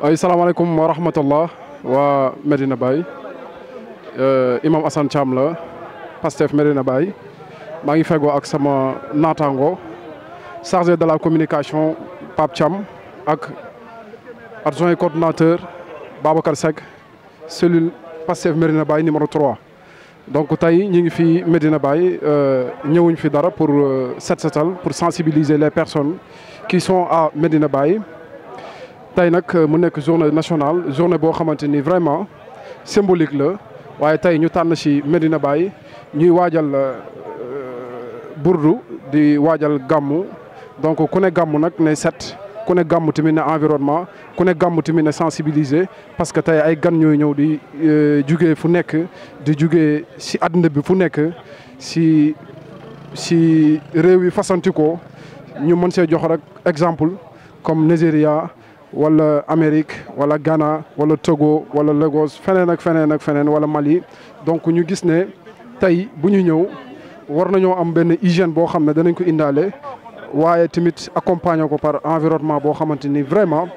ay salaamaaleykum wa rahmatullah waa Medina Baye euh, imam Assane Thiam la Pastef Medina Baye maa ngi fegoo ak sama naataangoo chargé de la communication Pape Thiam ak adjoint coordonnateur Babacar Seck cellule Pastef Medina Baye numéro trois donc tey ñu ngi fi Medina Baye euh, ñëwuñ fi dara pour euh, set setal pour sensibiliser les personnes qui son à Medina Baye. tey nag euh, mu nekk journée nationale journée boo xamante nii vraiment symbolique la waaye tey ñu tànn ci Medina Baye ñuy waajal euh, burdu di waajal gàmmu donc ku ne gàmmu nag ne set ku ne gàmmu tamit ne environnement ku ne gàmmu tamit ne sensibiliser parce que tey ay gan ñooy ñëw di euh, jugee fu nekk di jugee ci àddina bi fu nekk ci ci réew yi fasantikoo ñu mën see jox rek exemple comme Nigeria wala Amérique wala Ghana wala Togo wala Lagos feneen ak feneen ak feneen wala Mali donc ñu gis ne tey bu ñu ñëw war nañoo am benn hygiène boo xam ne danañ ko indaale waaye tamit accompagner ko par environnement boo xamante ni vraiment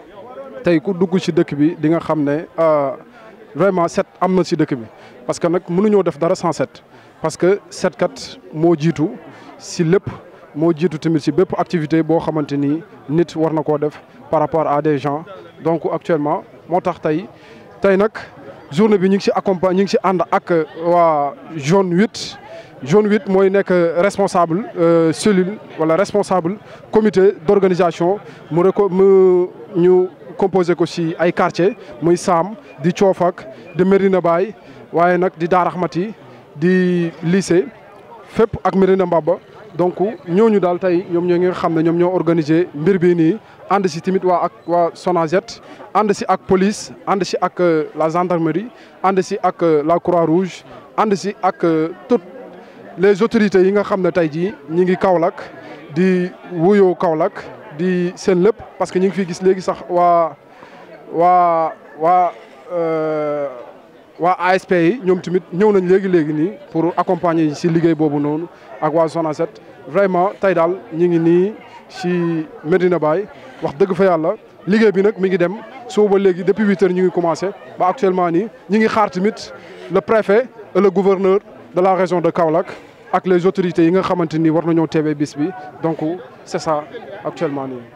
tey ku dugg si dëkk bi di nga xam ne euh, vraiment set am na si dëkk bi parce que nag mënuñoo def dara sans set parce que set kat moo jiitu si lépp. moo jiitu tamit si bépp activité boo xamante ni nit war na koo def par rapport à des gens donc actuellement moo tax tey tey nag journée bi ñu ngi si accompagne ñu ngi si ànd ak euh, waa zone huit zone huit mooy nekk responsable euh, cellule wala responsable comité d'organisation mu mu ñu composé ko si ay quartier muy Saam di Coofak di Medina Baye waaye nag di Daaraxmati di lycée fépp ak Medina Mbaba donc ñooñu daal tey ñoom ñoo ngi nga xam ne ñoom ñoo organisé mbir bii nii ànd si tamit waa ak waa Sonaged ànd si ak police ànd si ak euh, la gendarmerie ànd si ak euh, la Croix-Rouge ànd si ak euh, toutes les autorités yi nga xam ne tey jii ñi ngi Kaolack di wuyoo Kaolack di seen lépp parce que ñu ngi fi gis léegi sax waa waa waa waa ASP yi ñoom tamit ñëw nañ léegi léegi nii pour accompagner si liggéey boobu noonu ak waa Zona 7 vraiment tey daal ñu ngi nii si Medina Baye wax dëgg fa yàlla liggéey bi nag mi ngi dem suba ba léegi depuis huit heures ñu ngi commencé ba actuellement nii ñu ngi xaar tamit le préfet et le gouverneur de la région de Kaolack ak les autorités yi nga xamante ni war nañoo teewee bis bi donc c'est ça actuellement nii.